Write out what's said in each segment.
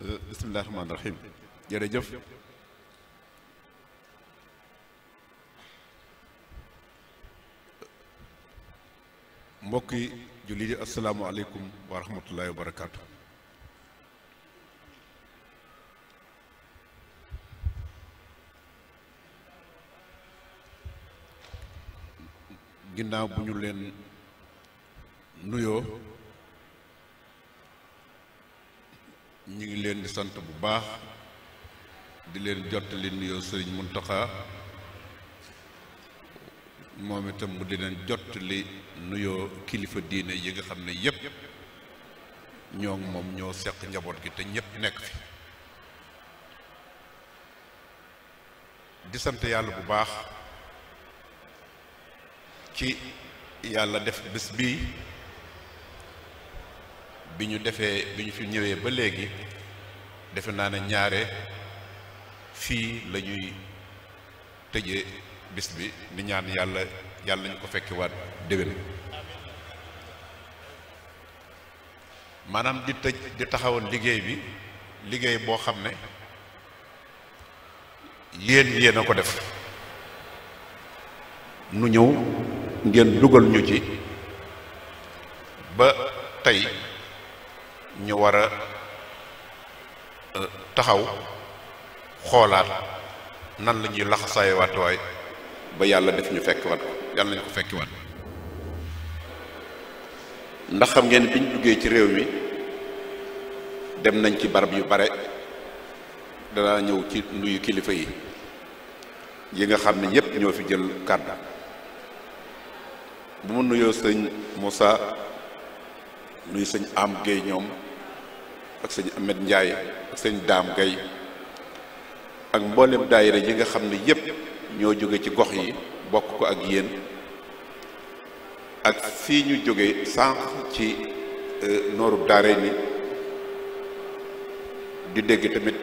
bismillahi rahmaani rahim jërëjëf mbokki julli di asalaamualeykum wa rahmatullahi wa barakaatu ginnaaw bu ñu leen nuyoo ñu ngi leen di sant bu baax di leen jottali nuyoo sëriñ Muntaxa moom itam mu di leen jottali nuyoo kilifa diine yi nga xam ne yëpp ñoo ngi moom ñoo seq njaboot gi te ñëpp nekk fi di sant yàlla bu baax ci yàlla def bés bii bi ñu defee bi ñu fi ñëwee ba léegi defe naa ne ñaare fii la ñuy tëjee bis bi di ñaan yàlla yàlla ñu ko fekkiwaat déwén maanaam di tëj di taxawal liggéey bi liggéey boo xam ne yéen yéen a ko def nu ñëw ngeen dugal ñu ci ba tey ñu war a euh, taxaw xoolaat nan lañuy ñuy laxasaayewaat ba yàlla def ñu fekkiwaat ko yàlla nañu ko fekkiwaat ndax xam ngeen bi ñu duggee ci réew mi dem nañ ci barab yu bare danaa ñëw ci nuyu kilifa yi yi nga xam ne ñëpp ñoo fi jël kàddu bu mu nuyoo sëñ Moussa nuyu sëñ Am Guèye ñoom. ak sëñ amet njaay ak sëñ Daam Gay ak mboolem daayira yi nga xam ne yépp ñoo jóge ci gox yi bokk ko ak yéen ak si ñu jóge sànq ci euh, nooru daare ni di dégg tamit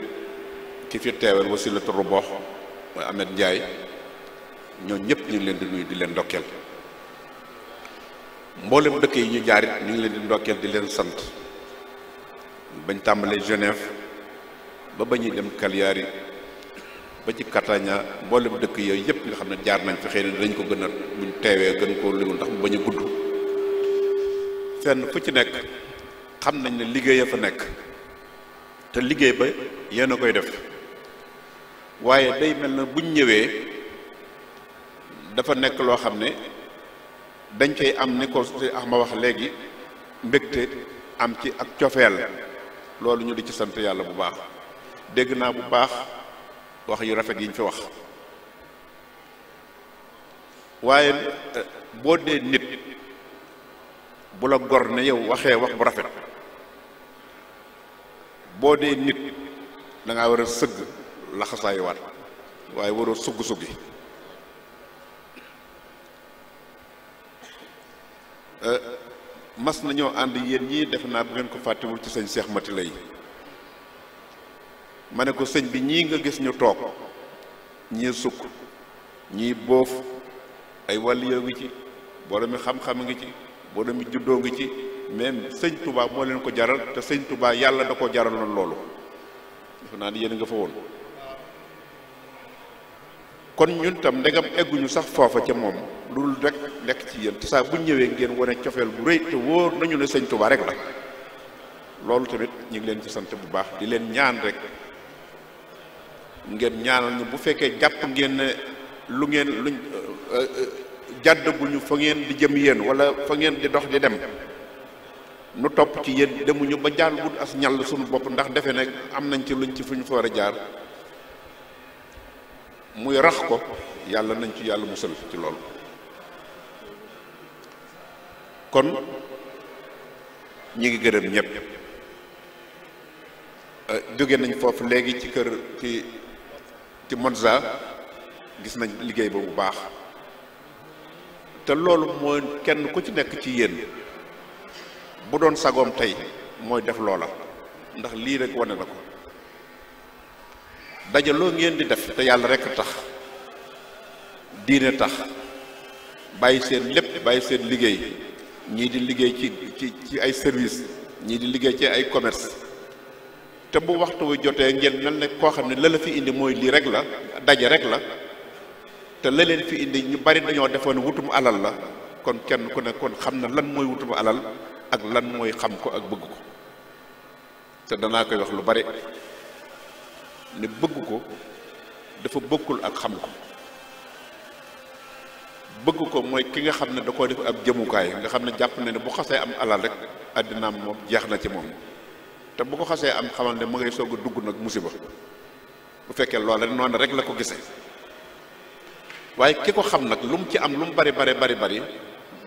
ki fi teewal wasilatu rubox mooy Ahmed njaay ñoo ñëpp ñu ngi leen di nuyu di leen ndokkeel mboolem dëkk yi ñu jaarit ñu ngi leen di ndokkeel di leen sant bañ tàmbalee Genève ba ba dem Cagliari ba ci Catania mboolem dëkk yooyu yëpp nga xam ne jaar nañ fi xëy na dinañ ko gën a buñ teewee gën koo limu ndax mu bañ a gudd fenn fu ci nekk xam nañ ne liggéey a fa nekk te liggéey ba yenn a koy def waaye day mel na buñ ñëwee dafa nekk loo xam ne dañ koy am ni ko Ahma wax léegi mbégte am ci ak cofeel loolu ñu di ci sant yàlla bu baax dégg naa bu baax wax yu rafet yi ñu fi wax waaye eh, boo dee nit bu la gor ne yow waxee wax bu rafet boo dee nit da ngaa war a sëgg laxasaayuwaat waaye waroo sugg-suggi euh mas nañoo ànd yéen ñii defe naa bu ngeen ko fàttewul ci sëñ Cheikh Mati lay ma ne ko sëñ bi ñii nga gis ñu toog ñii sukk ñii boof ay wàlliyoo ngi ci boroomi xam-xam ngi ci boroomi juddoo ngi ci même sëñ Touba moo leen ko jaral te sëñ Touba yàlla da ko jaraloon loolu defe naa ni yéen nga fa woon kon ñun tam ndegam egguñu sax foofa ca moom loolu rek nekk ci yéen te saa bu ñëwee ngeen wane cofeel bu rëy te wóor nañu ne sëñ Tuubaa rek la loolu tamit ñu ngi leen ci sant bu baax di leen ñaan rek ngeen ñaanal ñu bu fekkee jàpp ngeen ne lu ngeen luñ euh, euh, jàddaguñu fa ngeen di jëm yéen wala fa ngeen di dox di dem nu topp ci yéen ñu ba jaan wut as ñal suñu bopp ndax defe ne am nañ ci luñ ci fu ñu fa war a jaar muy rax ko yàlla nañ ci yàlla musal ci loolu kon ñi ngi gërëm ñëpp euh, jóge nañu foofu léegi ci kër ci ci Monza gis nañ liggéey ba bu baax te loolu mooy kenn ku ci nekk ci yéen bu doon sagoom tey mooy def loola ndax lii rekk wane na ko dajaloo ngeen di def te yàlla rekk tax diine tax bàyyi seen lépp bàyyi seen liggéey ñii di liggéey ci ci ci ay service ñii di liggéey ci ay commerce te bu waxtu wu jotee ngeen mel ne koo xam ne la la fi indi mooy lii rek la daje rek la te la fi indi ñu bari dañoo defoon wutum alal la kon kenn ku ne xam na lan mooy wutum alal ak lan mooy xam ko ak bëgg ko te danaa koy wax lu bari ne bëgg ko dafa bokkul ak xam ko bëgg ko mooy ki nga xam ne da koo def ab jëmukaay nga xam ne jàpp na ne bu xasee am alal rek àddinaam moom jeex na ci moom te bu ko xasee am xamal ne mu ngay soog a dugg nag musiba bu fekkee loola noonu rek la ko gisee waaye ki ko xam nag lu mu ci am lu mu bari bari bari bari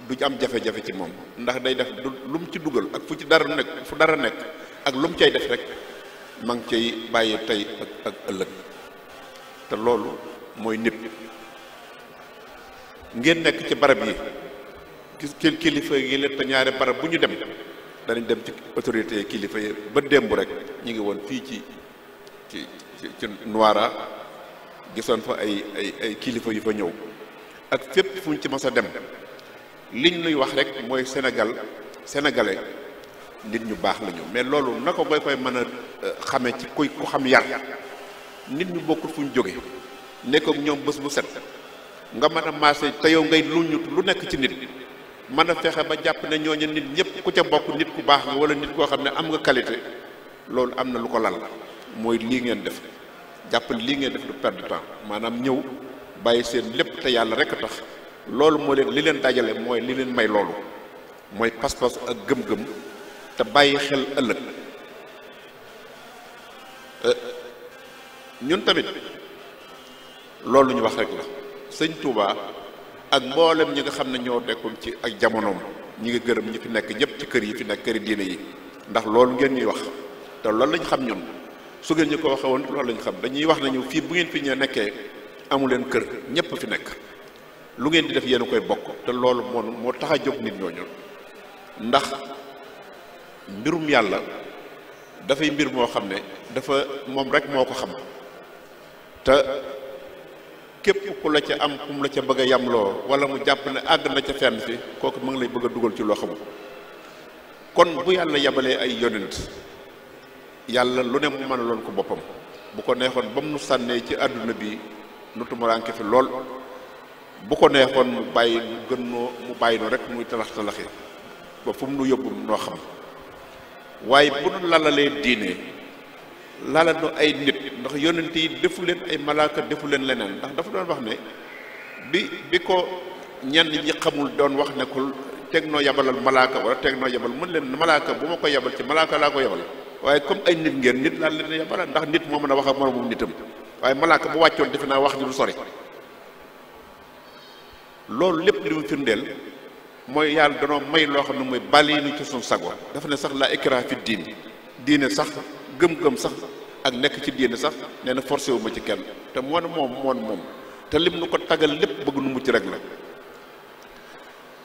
du am jafe-jafe ci moom ndax day def lu mu ci dugal ak fu ci dara nekk fu dara nekk ak lu mu cay def rek ma ngi cay bàyyi tey ak ëllëg te loolu mooy nit ngeen nekk ci barab yi gis kilifa yi la te ñaari barab bu ñu dem danañ dem ci autorité kilifa yi ba démb rek ñu ngi woon fii ci ci ci Noara gisoon fa ay ay kilifa yu fa ñëw ak fépp fu ñu ci mës a dem liñ nuy wax rek mooy Sénégal sénégalais nit ñu baax lañu mais loolu naka koy koy mën xamee ci kuy ku xam yar nit ñu bokkul fu ñu jóge nekk ñoom bés bu set nga mën a maase te yow ngay lu luñu lu nekk ci nit mën a fexe ba jàpp ne ñooñu nit ñëpp ku ca bokk nit ku baax nga wala nit koo xam ne am nga qualité loolu am na lu ko lal mooy lii ngeen def jàpp lii ngeen def du perdre temps maanaam ñëw bàyyi seen lépp te yàlla rek a tax loolu moo leen li leen dajale mooy li leen may loolu mooy pas-pas ak gëm-gëm te bàyyi xel ëllëg Euh, ñun tamit loolu ñu wax rek la sëñ Touba ak mboolem ñi nga xam ne ñoo dekkoon ci ak jamonoom ñi ngi gërëm ñi fi nekk ñëpp ci kër yi fi nekk këri diine yi ndax loolu ngeen ñuy wax te loolu lañ xam ñun su ngeen ñu ko waxee woon loolu lañ xam dañuy wax nañu fii bu ngeen fi ñee nekkee amu leen kër ñëpp fi nekk lu ngeen di def yéen a koy bokk te loolu moo moo tax a jóg nit ñooñu ndax mbirum yàlla dafay mbir moo xam ne dafa moom rek moo ko xam te képp ku la ca am kum la ca bëgg a yamloo wala mu jàpp ne àgg na ca fenn fi kooku mu ngi lay bëgg a dugal ci loo xamul kon bu yàlla yabalee ay yonent yàlla lu ne mu mën a loon ko boppam bu ko neexoon ba mu nu sànnee ci àdduna bi nu tumuraanke fi lool bu ko neexoon mu bàyyi nu gën noo mu bàyyi noo rek muy talax talaxi ba fu nu yóbbu noo xam waaye bu nu lalalee diine lalal nu ay nit ndax yonent yi defu leen ay malaaka defu leen leneen ndax dafa doon wax ne bi bi ko ñenn ñi xamul doon wax ne ko teg noo yabalal malaaka wala teg noo yabal mën leen malaaka bu ma ko yabal ci malaaka laa ko yabal waaye comme ay nit ngeen nit laa leen yabala ndax nit moo mën a wax ak moroomum nitam waaye malaaka bu wàccoon defe naa wax ji lu sori loolu lépp li mu firndeel mooy yàlla danoo may loo xam ne mooy bàlliinu ci suñ sago dafa ne sax laa ikraha fi diin diine sax gëm-gëm sax ak nekk ci diine sax nee na forcé wu ma ci kenn te moon moom moon moom te lim nu ko tagal lépp bëgg nu mucc rek la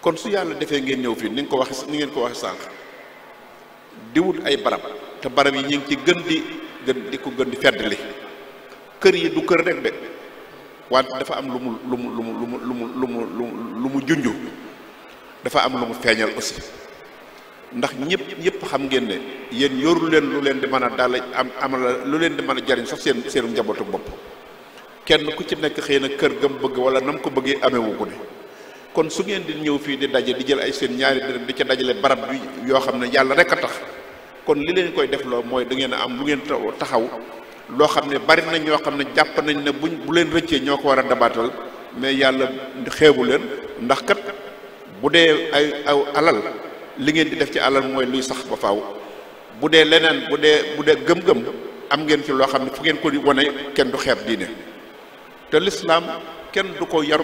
kon su yàlla defee ngeen ñëw fii ni nga ko waxe ni ngeen ko waxe sànq diwut ay barab te barab yi ñu ngi ci gën di gën di ko gën di feddali kër yi du kër rek de wante dafa am lu mu lu mu lu mu lu mu lu mu lu mu lu mu junju dafa am lu mu feeñal aussi ndax ñëpp ñëpp xam ngeen ne yéen yoru leen lu leen di mën a dal am amal lu leen di mën a jariñ sax seen seenu njabootu bopp kenn ku ci nekk xëy na kër gam bëgg wala nam ko bëggee amewu ko ne kon su ngeen di ñëw fii di daje di jël ay seen ñaari dërëm di ca dajale barab bi yoo xam ne yàlla rek a tax kon li leen koy def loo mooy dangeen a am lu ngeen taxaw loo xam ne bari nañ ñoo xam ne jàpp nañ ne buñ bu leen rëccee ñoo ko war a dabaatal mais yàlla xeebu leen ndax bu dee ay aw alal li ngeen di def ci alal mooy luy sax ba faw bu dee leneen bu dee bu dee gëm-gëm am ngeen fi loo xam ne fu ngeen ko wane kenn du xeeb diine te lislaam kenn du ko yar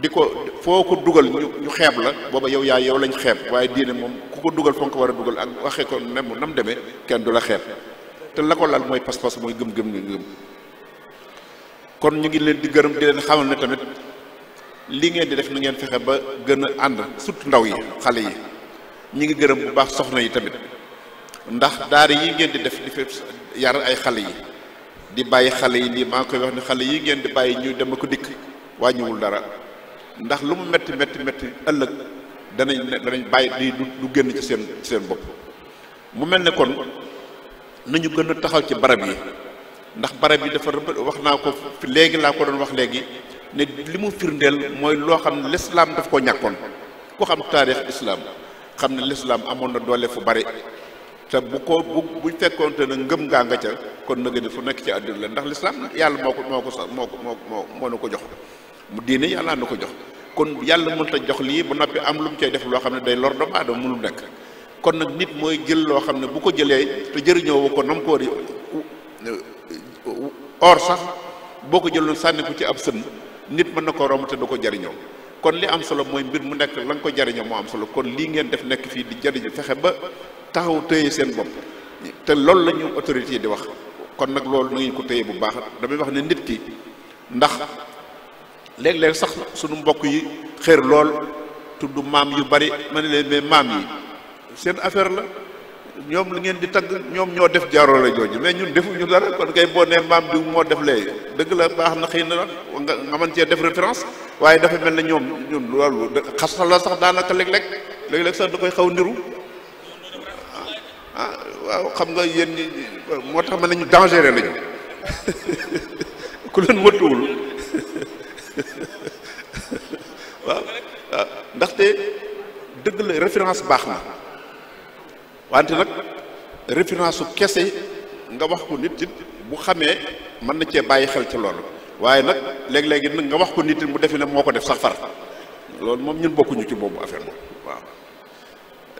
di ko foo ko dugal ñu xeeb la booba yow yaay yow lañ xeeb waaye diine moom ku ko dugal foo war a dugal ak waxee ko ne mu nam demee kenn du la xeeb te la ko laal mooy pas-pas mooy gëm-gëm ñu gëm kon ñu ngi leen di gërëm di leen xamal ne tamit li ngeen di def nu ngeen fexe ba gën a ànd surtout ndaw yi xale yi ñu ngi gërëm bu baax soxna yi tamit ndax daara yi ngeen di def di fi yar ay xale yi di bàyyi xale yi nii maa ngi koy wax ne xale yi ngeen di bàyyi ñu dem ko dikk wàññiwul dara ndax lu mu metti metti metti ëllëg danañ danañ bàyyi di du génn ci seen ci seen bopp mu mel ne kon nañu gën taxaw ci barab yi ndax barab yi dafa wax naa ko léegi laa ko doon wax léegi ne li mu firndeel mooy loo xam ne lislaam daf koo ñàkkoon ku xam taarix islaam xam ne lislaam amoon na doole fu bari te bu ko bu bu te ne ngëm ngaa nga ca kon nag fu nekk ci àddina la ndax lislaam yàlla moo ko moo ko sax moo ko moo moo moo ko jox mu diine yàlla na ko jox kon yàlla mënta jox lii ba noppi am lu mu cay def loo xam ne day lor doomu aadama mënul nekk kon nag nit mooy jël loo xam ne bu ko jëlee te jëriñoo ko nam ko or sax boo ko jëloon sànni ko ci ab sën nit mën na koo romb te du ko jariñoo kon li am solo mooy mbir mu nekk la nga ko jariñoo moo am solo kon lii ngeen def nekk fii di jariñu fexe ba taxaw téye seen bopp te loolu la ñu autorités di wax kon nag loolu na ko téye bu baax damay wax ne nit ki ndax léeg-léeg sax suñu mbokk yi xër lool tudd maam yu bari ma ne leen mais maam yi seen affaire la ñoom li ngeen di tagg ñoom ñoo def jaaroo la jooju mais ñun defuñu dara kon kay boo nee maam diw moo def lee dëgg la baax na xëy na nga nga mën cee def référence waaye dafa mel ne ñoom ñun loolu xasal la sax daanaka léeg-léeg léeg-léeg sax da koy xaw niru ah xam nga yéen ñi moo tax ma ne ñu dangereux lañu ku leen wëttuwul waaw ndaxte dëgg la référence baax na. wante nag référence su kese nga wax ko nit it bu xamee mën na cee bàyyi xel ci loolu waaye nag léeg-léegi nag nga wax ko nit it mu defe ne moo ko def sax far loolu moom ñun bokkuñu ci boobu affaire moom waaw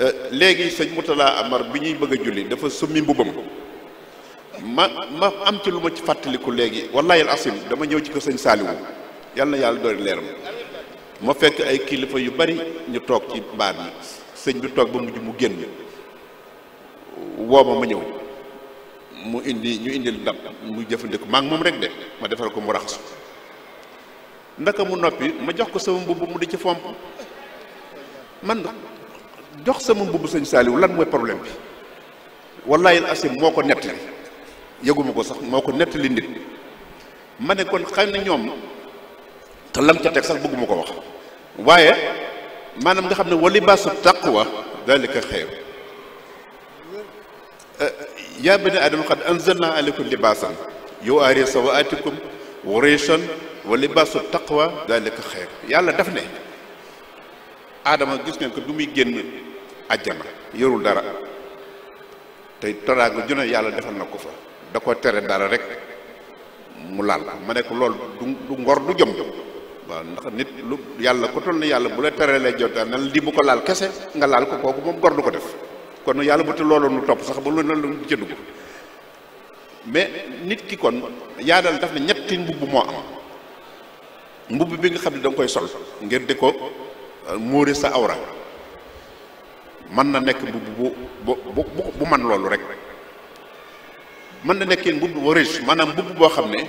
euh, léegi sëñ Moutala Amar bi ñuy bëgg a julli dafa summi mbubam ma ma am ci lu ma ci fàttaliku léegi wallahi asim dama ñëw ci ko sëñ Saaliwu yàlla na yàlla doori leeram ma fekk ay kilifa yu bari ñu toog ci mbaar yi sëñ bi toog ba mujj mu génn wooma ma ñëw mu indi ñu indil ndab mu jëfandiku maa ngi moom rek de ma defal ko mu raxasu ndaka mu noppi ma jox ko sama mbubb mu di ci fomp man jox sama mbubb sëñ Saaliw lan mooy problème bi wallahi asim moo ko nettali yëguma ko sax moo ko nettali nit ma ne kon xëy na ñoom te lam ca teg sax bëgguma ko wax waaye maanaam nga xam ne wa libaasu taqwa dalika xayr Uh, uh, ya bani adama qad anzalna alaykum libaasan yuwaari sawaatikum wa riisan wa libaasu taqwa dalika xayr yàlla daf ne aadama gis ngeen ko du muy génn àjjana yorul dara te teraanga ju ne yàlla defal na ko fa da ko tere dara rek mu laal ko ma nekk ko loolu du ngor du jom waaw ndax nit lu yàlla ko toll na yàlla bu la teree lay jotaan nan lii bu ko laal kese nga laal ko kooku moom gor du ko def kon yàlla bu te looloon nu topp sax ba lu ne lu ci dugg mais nit ki kon yaadal daf ne ñetti mbubb moo am mbubb bi nga xam ne da koy sol ngir di ko euh, muure sa awra mën na nekk mbubb bu bu bu man loolu rek mën na nekkee mbubb bu riche maanaam mbubb boo xam ne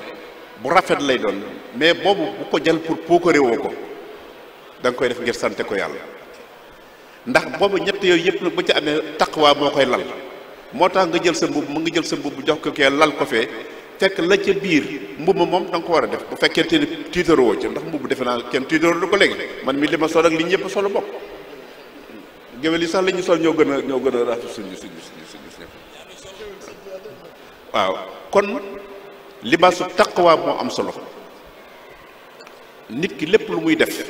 bu rafet lay doon mais boobu bu ko jël pour poo ko réewoo ko da koy def ngir sante ko yàlla ndax boobu ñett yooyu yëpp nag bu ci amee taqwa moo koy lal moo tax nga jël sa mbubb mu nga jël sa mbubb jox ko kee lal ko fee fekk la ca biir mbubb moom da nga ko war a def bu fekkente ni tiitaroo ci ndax mbubb defe naa kenn tiitaroo lu ko léegi man mi li ma sol ak li ñëpp solo bokk géwél yi sax lañuy sol ñoo gën a ñoo gën a rafet suñu suñu suñu waaw kon libaasu taqwa moo am solo nit ki lépp lu muy def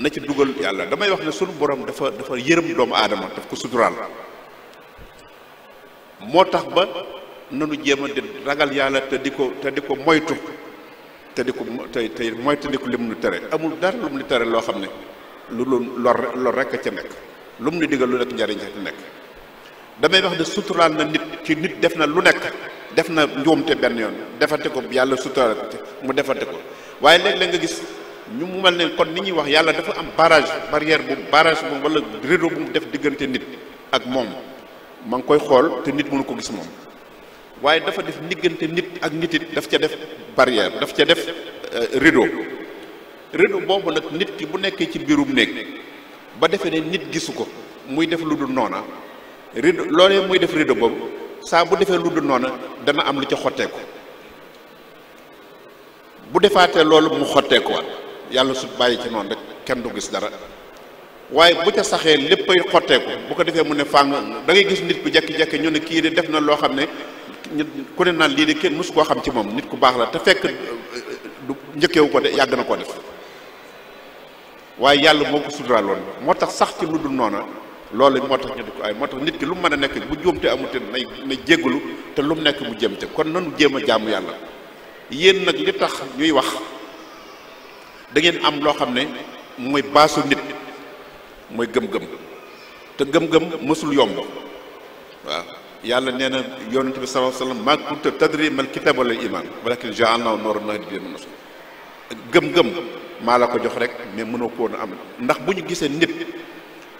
na ci dugal yàlla damay wax ne sunu borom dafa dafa yërëm doomu aadama daf ko suturaal moo tax ba nanu jéem a di ragal yàlla te di ko te di ko moytu te di ko tey tey moytu di ko amul dara lum loo xam ne lu lu lor lor rek a ca nekk lum nu lu nekk njariñ ca nekk damay wax ne suturaal na nit ci nit def na lu nekk def na njuumte benn yoon defante ko yàlla suturaal mu defante ko waaye léeg-léeg nga gis. ñu mu mel ne kon ni ñuy wax yàlla dafa am barrage barrière bu barrage bu wala rido bu mu def diggante nit ak moom ma ngi koy xool te nit mënu ko gis moom waaye dafa def diggante nit ak nit it daf ca def barrière daf ca def rido euh, rido boobu nag nit ki bu nekkee ci biirum néeg ba defee ne nit gisu ko muy def lu dul noona rideau loolee muy def rido boobu saa bu defee lu dul noona dana am lu ca xotteeku bu defaatee loolu mu xotteekuwaat yàlla su bàyyi ci noonu rek kenn du gis dara waaye bu ca saxee lépp xotteeku bu ko defee mu ne fànn dangay gis nit ku jekki-jekki ñu ne kii de def na loo xam ne nit ku ne naan lii de kenn mosu koo xam ci moom nit ku baax la te fekk euh, du njëkkeewu ko de yàgg na koo def waaye yàlla moo ko suturaaloon moo tax sax ci lu dul noona loolu moo tax ñu di ko ay moo tax nit ki lu mu mën a nekk bu jóom te amute nay na jéggalu te lu mu nekk mu jëm te kon nanu jéem a jaamu yàlla wax da ngeen am loo xam ne mooy baasu nit mooy gëm-gëm te gëm-gëm mësul yomb waaw yàlla nee na yonent bi sallallahu alayhi wasallam ma kunta tadri mal kitab wala iman walakin ja'alnahu nuran nahdi bihi man nasha gëm-gëm maa la ko jox rek mais mënoo ko woon am ndax bu ñu gisee nit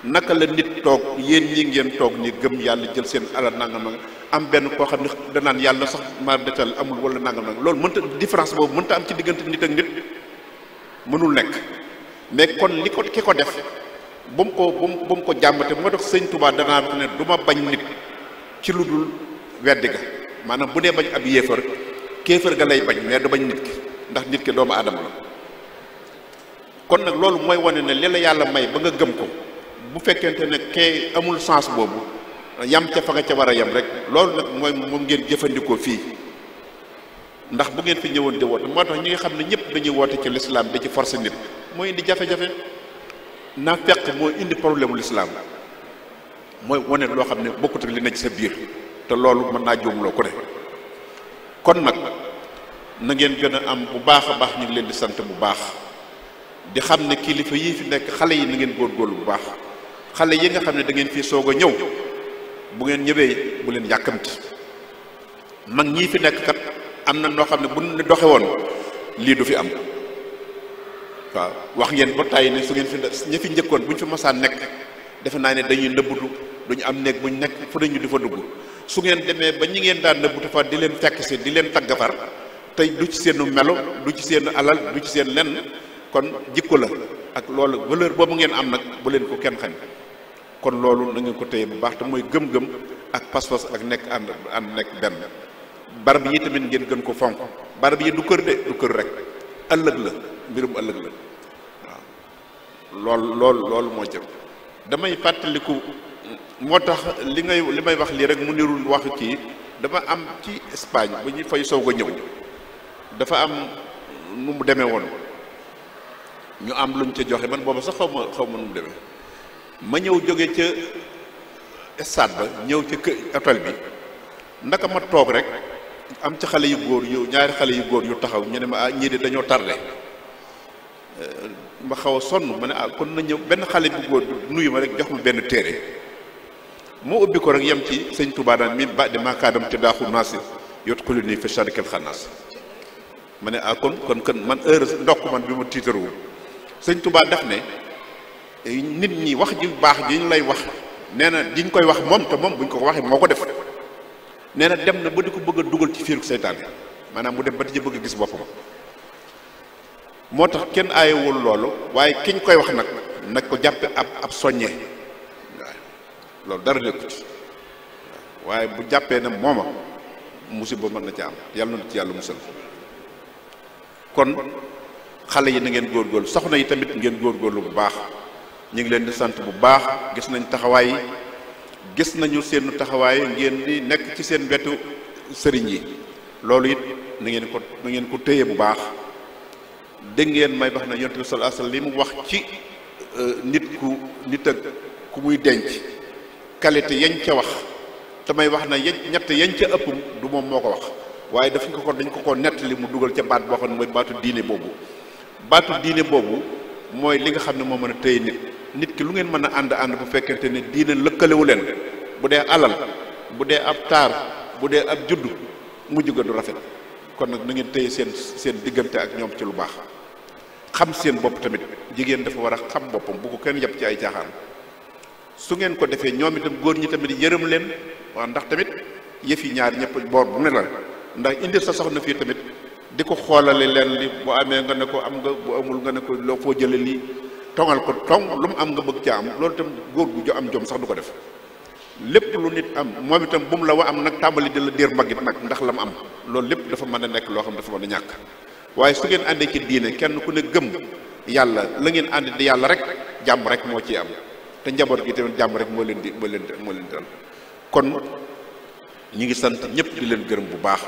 naka la nit toog yéen ñi ngeen toog ni gëm yàlla jël seen alal nangam nag am benn koo xam ne danaan yàlla sax ma detal amul wala nangam nag loolu mënta différence boobu mënta am ci diggante nit ak nit mënul nekk mais kon ni ko ki ko def bu mu ko bu mu bu mu ko jàmbate moo tax sëñ Tuubaa danaa wax ne du ma bañ nit ci lu dul weddi ga maanaam bu dee bañ ab yéefar kéefar ga lay bañ mais du bañ nit ki ndax nit ki doomu aadama la kon nag loolu mooy wane ne li la yàlla may ba nga gëm ko bu fekkente ne kee amul sens boobu yam ca fa nga ca war a yam rek loolu nag mooy moom ngeen jëfandikoo fii ndax bu ngeen fi ñëwoon di woote moo tax ñi nga xam ne ñëpp dañuy woote ci lislaam da ci forcé nit moo indi jafe-jafe naa fekk moo indi problème lislaam mooy wane loo xam ne bokkut ak li na ci sa biir te loolu mën naa juumloo ko ne kon nag na ngeen gën a am bu baax a baax ñu ngi leen di sant bu baax di xam ne kilifa yii fi nekk xale yi na ngeen góorgóorlu bu baax xale yi nga xam ne dangeen fii soog a ñëw bu ngeen ñëwee bu leen yàkkamti mag ñii fi nekk am na noo xam ne bu ñu doxe woon lii du fi am waaw wax ngeen ba tàyyi ne su ngeen fi ña fi njëkkoon bu ñu fi masaan nekk defe naa ne dañuy nëbbutu duñu am néeg buñ nekk fu nañu di fa dugg su ngeen demee ba ñu ngeen daan nëbbutu fa di leen fekk si di leen tagg far tey du ci seenu melo du ci seen alal du ci seen lenn kon jikko la ak loolu valeur boobu ngeen am nag bu leen ko kenn xañ kon loolu na ngeen ko téye bu baax te mooy gëm-gëm ak pas-pas ak nekk ànd ànd nekk benn barab yi tamit ngeen gën ko fonk barab yi du kër de du kër rek ëllëg la mbirum ëllëg la lool lool moo jëm damay fàttaliku moo tax li ngay li may wax lii rek mu nirul wax kii dama am ci Espagne bu ñu fay soog a ñëw dafa am nu mu demee woon ñu am luñ ca joxe man booba sax xaw ma xaw ma nu mu demee ma ñëw jóge ca stade ba ñëw ca kë hôtel bi ndaka ma toog rek am ci xale yu góor yu ñaari xale yu góor yu taxaw ñu ne ma ah ñii de dañoo tarle eh, ma xaw a sonn ma ne ah kon na ñëw benn xale bu góor nuyu ma rek jox benn téere moo ubbi ko rek yem ci sëñ Touba daan min ba di maakaadam te daaxu naasir yot xuli nii fa ma ne ah kon kon kon man heure ndokk man bi ma tiitaru sëñ Touba daf ne eh, nit ñi wax ji baax ji ñu lay wax nee na ñu koy wax moom te moom buñ ko waxee moo ko def nee na dem na ba di ko bëgg a dugal ci fiiru seytaane maanaam mu dem ba di ci bëgg a gis boppam moo tax kenn aayewul loolu waaye kiñ koy wax nag nag ko jàppe ab ab soññee loolu dara nekku ci waaye bu jàppee na mooma musiba mën na ca am yàlla na ci yàlla musal kon xale yi na góor góorgóorlu soxna yi tamit ngeen góor góorlu bu baax ñu ngi leen di sant bu baax gis nañ taxawaay gis nañu seen taxawaay ngeen di nekk ci seen wetu sëriñ yi loolu it na ngeen ko na ngeen ko téye bu baax dégg ngeen may wax na yonent bi sallallahu alayhi wasallam li mu wax ci euh, nit ku nit ak ku muy denc qualité yañ ca wax te may wax na yañ ñett yañ ca ëpp du moom moo ko wax waaye daf ko ko dañ ko ko nettali mu dugal ca baat boo xam ne mooy baatu diine boobu baatu diine boobu mooy li nga xam ne moo mën a téye nit nit ki lu ngeen mën a ànd ànd bu fekkente ne diine lëkkalewu leen bu dee alal bu dee ab taar bu dee ab judd mujj ga du rafet kon nag na ngeen téye seen seen diggante ak ñoom ci lu baax xam seen bopp tamit jigéen dafa war a xam boppam bu ko kenn yàpp ci ay caaxaan su ngeen ko defee ñoom itam góor ñi tamit yërëm leen waaw ndax tamit yëf yi ñaar ñëpp boor bu ne ndax indi sa soxna fii tamit di ko xoolale leen li bu amee nga ne ko am nga bu amul nga ne ko loo foo jële lii tongal ko tong lu mu am nga bëgg ca am loolu itam góor gu jo am jom sax du ko def lépp lu nit am moom itam bu mu la wa am nag tàmbali di la diir mbaggit nag ndax la mu am loolu lépp dafa mën a nekk loo xam dafa mën a ñàkk waaye su ngeen àndee ci diine kenn ku ne gëm yàlla la ngeen ànd di yàlla rek jàmm rek moo ciy am te njaboot gi tamit jàmm rek moo leen di moo leen moo leen di dal kon ñi ngi sant ñëpp di leen gërëm bu baax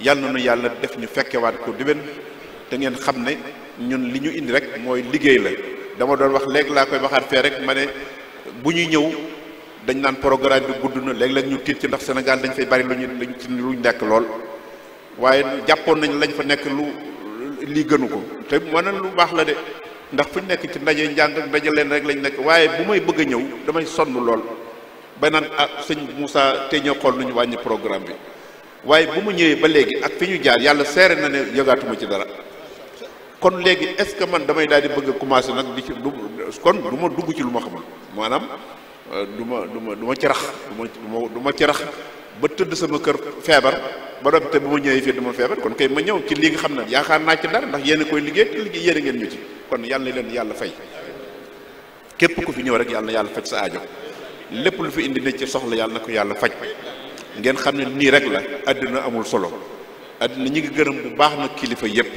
yàlla na yàlla def ñu fekkewaat ko déwén te ngeen xam ne ñun li ñu indi rek mooy liggéey la dama doon wax léegi laa koy waxaat fee rek ma ne bu ñuy ñëw dañ naan programme bi gudd na léeg-léeg ñu tiit ci ndax Sénégal dañ fay bari lu ñu luñ nekk lool waaye jàppoon nañ lañ fa nekk lu lii gënu ko te maanaam lu baax la de ndax fu ñu nekk ci ndaje njàng ak leen rek lañ nekk waaye bu may bëgg ñëw damay sonn lool ba naan ah sëñ Moussa tey ñoo xool nañu wàññi programme bi waaye bu mu ñëwee ba léegi ak fi ñu jaar yàlla seere na ne yëgaatuma ci dara kon léegi est-ce que man damay daal di bëgg a commencer nag di ci kon lu ma dugg ci lu ma xamul maanaam Euh, du ma du ma du ma ci rax du ma du ma ci ba tëdd sama kër feebar ba doon te bu ma ñëwee fii du ma feebar kon kay ma ñëw ci lii nga xam ne yaakaar naa ci dara ndax yéen koy liggéey te liggéey yéen ngeen ñu ci kon yàlla na leen yàlla fay képp ku fi ñëw rek yàlla yàlla faj sa aajo lépp lu fi indi ne ci soxla yàlla na ko yàlla faj ngeen xam ne nii rek la àddina amul solo àdduna ñi ngi gërëm bu baax na kilifa yëpp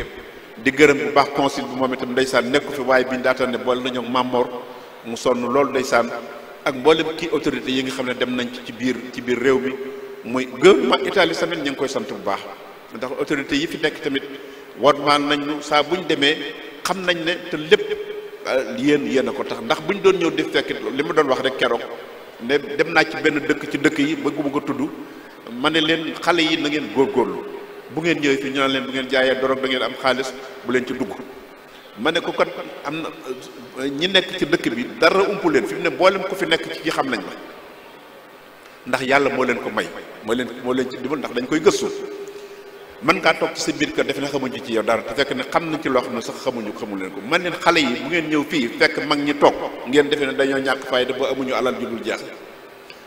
di gërëm bu baax consil bu moom itam ndeysaan nekku fi waaye biñ daataan ne boole nañu ak Mamor mu sonn loolu ndeysaan ak mboolem kii autorité yi nga xam ne dem nañ ci biir ci biir réew mi muy gouvernement Italie tamit ñu ngi koy sant bu baax ndax autorité yi fi nekk tamit wormaan nañu saa bu ñu demee xam nañ ne te lépp euh, yéen yéen a ko tax ndax bu ñu doon ñëw di fekk li ma doon wax rek keroog ne dem naa ci benn dëkk ci dëkk yi bëgguma ko tudd ma ne leen xale yi na ngeen góorlu bu ngeen ñëwee fi ñu naan leen bu ngeen jaayee dorog da ngeen am xaalis bu leen ci dugg ma ne ko kon am na ñi nekk ci dëkk bi dara umpu leen fi mu ne boolem ko fi nekk ci xam nañ la ndax yàlla moo leen ko may moo leen moo leen ci dimbal ndax dañ koy gëstu mën ngaa toog ci sa biir kër def na ci yow dara te fekk ne xam nañ ci loo xam ne sax xamuñu xamu leen ko man leen xale yi bu ngeen ñëw fii fekk mag ñi toog ngeen defee ne dañoo ñàkk fayda ba amuñu alal ju dul jeex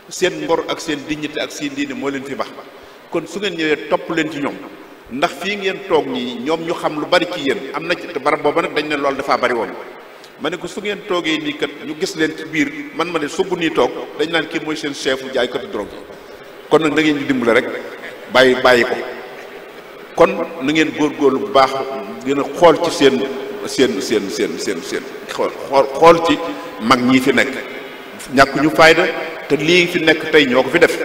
seen ngor ak seen dignité ak seen diine moo leen fi bax kon su ngeen ñëwee topp leen ci ñoom ndax fii ngeen toog nii ñoom ñu xam lu bari ci yéen am na ci barab booba nag dañ ne loolu dafaa bari woon ma ne ko su ngeen toogee nii kat ñu gis leen ci biir man ma ne sugg nii toog dañ naan kii mooy seen chef jaay katu drogue kon nag da ngeen di dimbale rek bàyyi bàyyi ko kon na ngeen góorgóorlu bu baax ngeen a xool ci seen seen seen seen seen seen xool xool ci mag ñii fi nekk ñàkk ñu fayda te lii fi nekk tey ñoo ko fi def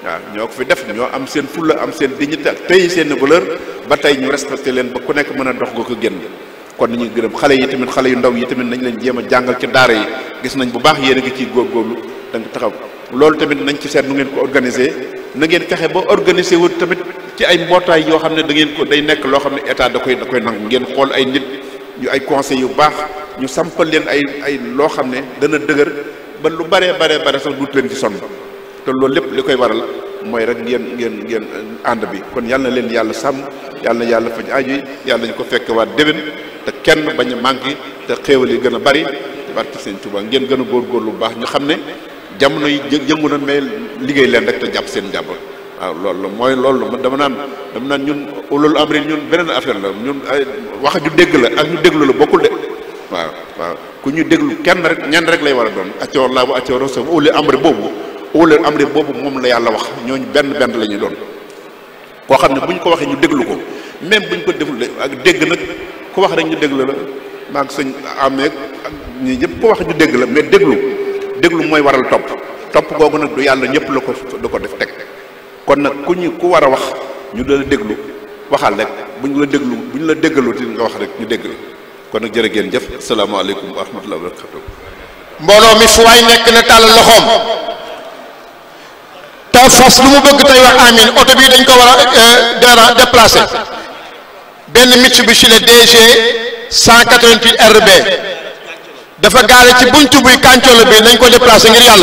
waaw ñoo ko fi def ñoo am seen fulla am seen dignité ak tey seen valeur ba tey ñu respecté leen ba ku nekk mën a dox nga ko génn kon ni ñuy gërëm xale yi tamit xale yu ndaw yi tamit nañ leen jéem a jàngal ci daara yi gis nañ bu baax yéen ngi ciy góorgóorlu da taxaw loolu tamit nañ ci seet nu ngeen ko organiser na ngeen fexe ba organiser wu tamit ci ay mbootaay yoo xam ne da ngeen ko day nekk loo xam ne état da koy da koy nangu ngeen xool ay nit yu ay conseil yu baax ñu sampal leen ay ay loo xam ne dana dëgër ba lu baree baree bare sax duut leen ci sonn te loolu lépp li koy waral mooy rek ngeen ngeen ngeen ànd bi kon yàlla na leen yàlla sàmm yàlla yàlla faj aju yi yàlla nañu ko fekke waat déwén te kenn bañ a manqué te xéewal yi gën a bari te barke seen Tuubaa ngeen gën a góor góor lu baax ñu xam ne jamono yi jë yëngu na mais liggéey leen rek te jàpp seen jàmbur waaw loolu la mooy loolu la dama naan dama naan ñun ulul amri ñun beneen affaire la ñun ay wax ju dégg la ak ñu déglu la bokkul de waaw waaw ku ñu déglu kenn rek ñenn rek lay war a doon accoor laa bu accoor rasul ulul amri boobu ulul amri boobu moom la yàlla wax ñu benn benn la ñuy doon koo xam ne bu ñu ko waxee ñu déglu ko même bu ñu ko deful ak dégg nag ku wax rek ñu déglu la maa ngi sëñ ak ñi ñëpp ku wax ñu dégg la mais déglu déglu mooy waral topp topp googu nag du yàlla ñëpp la ko la ko def teg kon nag ku ñu ku war a wax ñu doon déglu waxal rek bu ñu la déglu bu ñu la déggalu di nga wax rek ñu dégg la kon nag jërë ngeen jëf asalaamaaleykum wa rahmatulah wa barakatu mbooloo mi fu waay nekk na tàll loxoom te fas lu mu bëgg tey wax amin oto bii dañ ko war a eh, dara déplacé benn Mitsubishi le DG 188 RB dafa gaare ci buntu buy kàncoolo bi nañ ko déplacé ngir yàlla